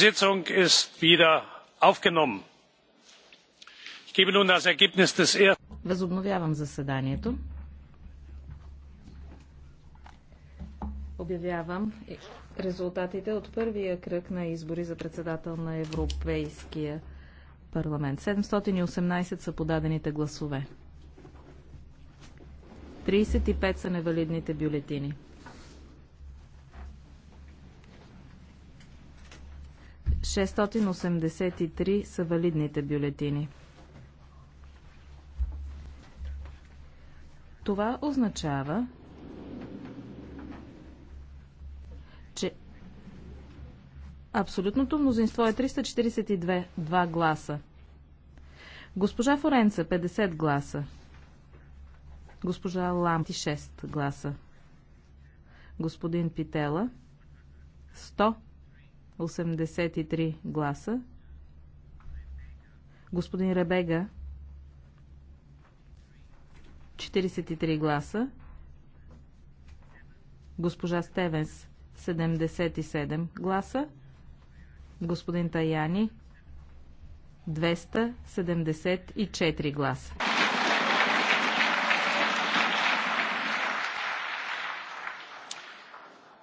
sitzung ist wieder aufgenommen. ich gebe nun das ergebnis des Възобновявам заседанието. Обявявам резултатите от първия кръг на избори за председател на Европейския парламент. 718 са подадените гласове. 35 са невалидните бюлетини. 683 са валидните бюлетини. Това означава, че абсолютното мнозинство е 342 2 гласа. Госпожа Форенца 50 гласа. Госпожа Ламти 6 гласа. Господин Питела 100 гласа 83 гласа. Господин Ребега 43 гласа. Госпожа Стевенс 77 гласа. Господин Таяни 274 гласа.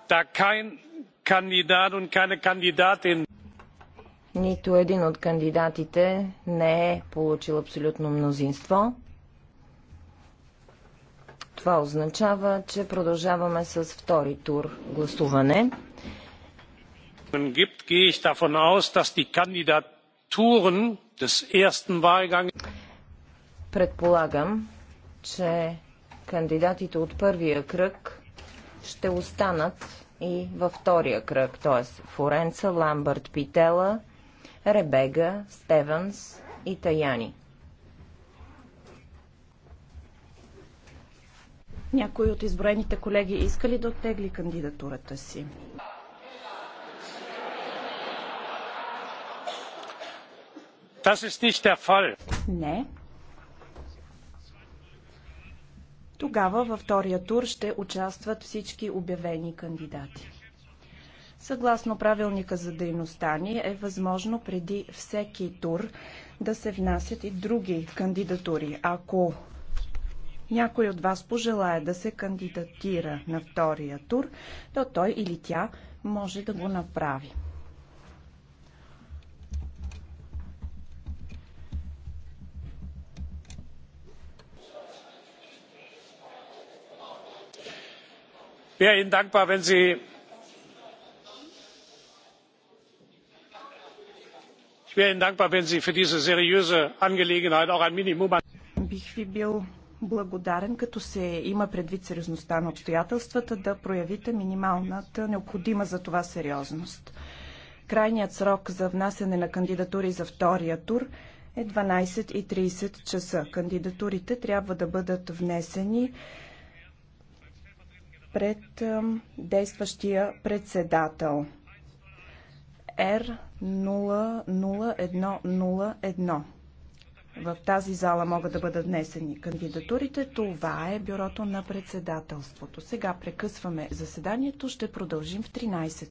Да, кайн кандидат и кандидатин. Нито един от кандидатите не е получил абсолютно мнозинство. Това означава, че продължаваме с втори тур гласуване. Предполагам, че кандидатите от първия кръг ще останат и във втория кръг, т.е. Форенца, Ламбърт, Питела, Ребега, Стевенс и Таяни. Някой от изброените колеги иска ли да оттегли кандидатурата си? Не, Тогава във втория тур ще участват всички обявени кандидати. Съгласно правилника за дейността ни е възможно преди всеки тур да се внасят и други кандидатури. Ако някой от вас пожелая да се кандидатира на втория тур, то той или тя може да го направи. wäre ihnen dankbar wenn sie ich wäre ihnen dankbar wenn sie für diese seriöse angelegenheit auch ein minimum an бих ви бил благодарен, като се има предвид сериозността на обстоятелствата, да проявите минималната необходима за това сериозност. Крайният срок за внасяне на кандидатури за втория тур е 12.30 часа. Кандидатурите трябва да бъдат внесени пред действащия председател. R00101. В тази зала могат да бъдат внесени кандидатурите. Това е бюрото на председателството. Сега прекъсваме заседанието. Ще продължим в 13.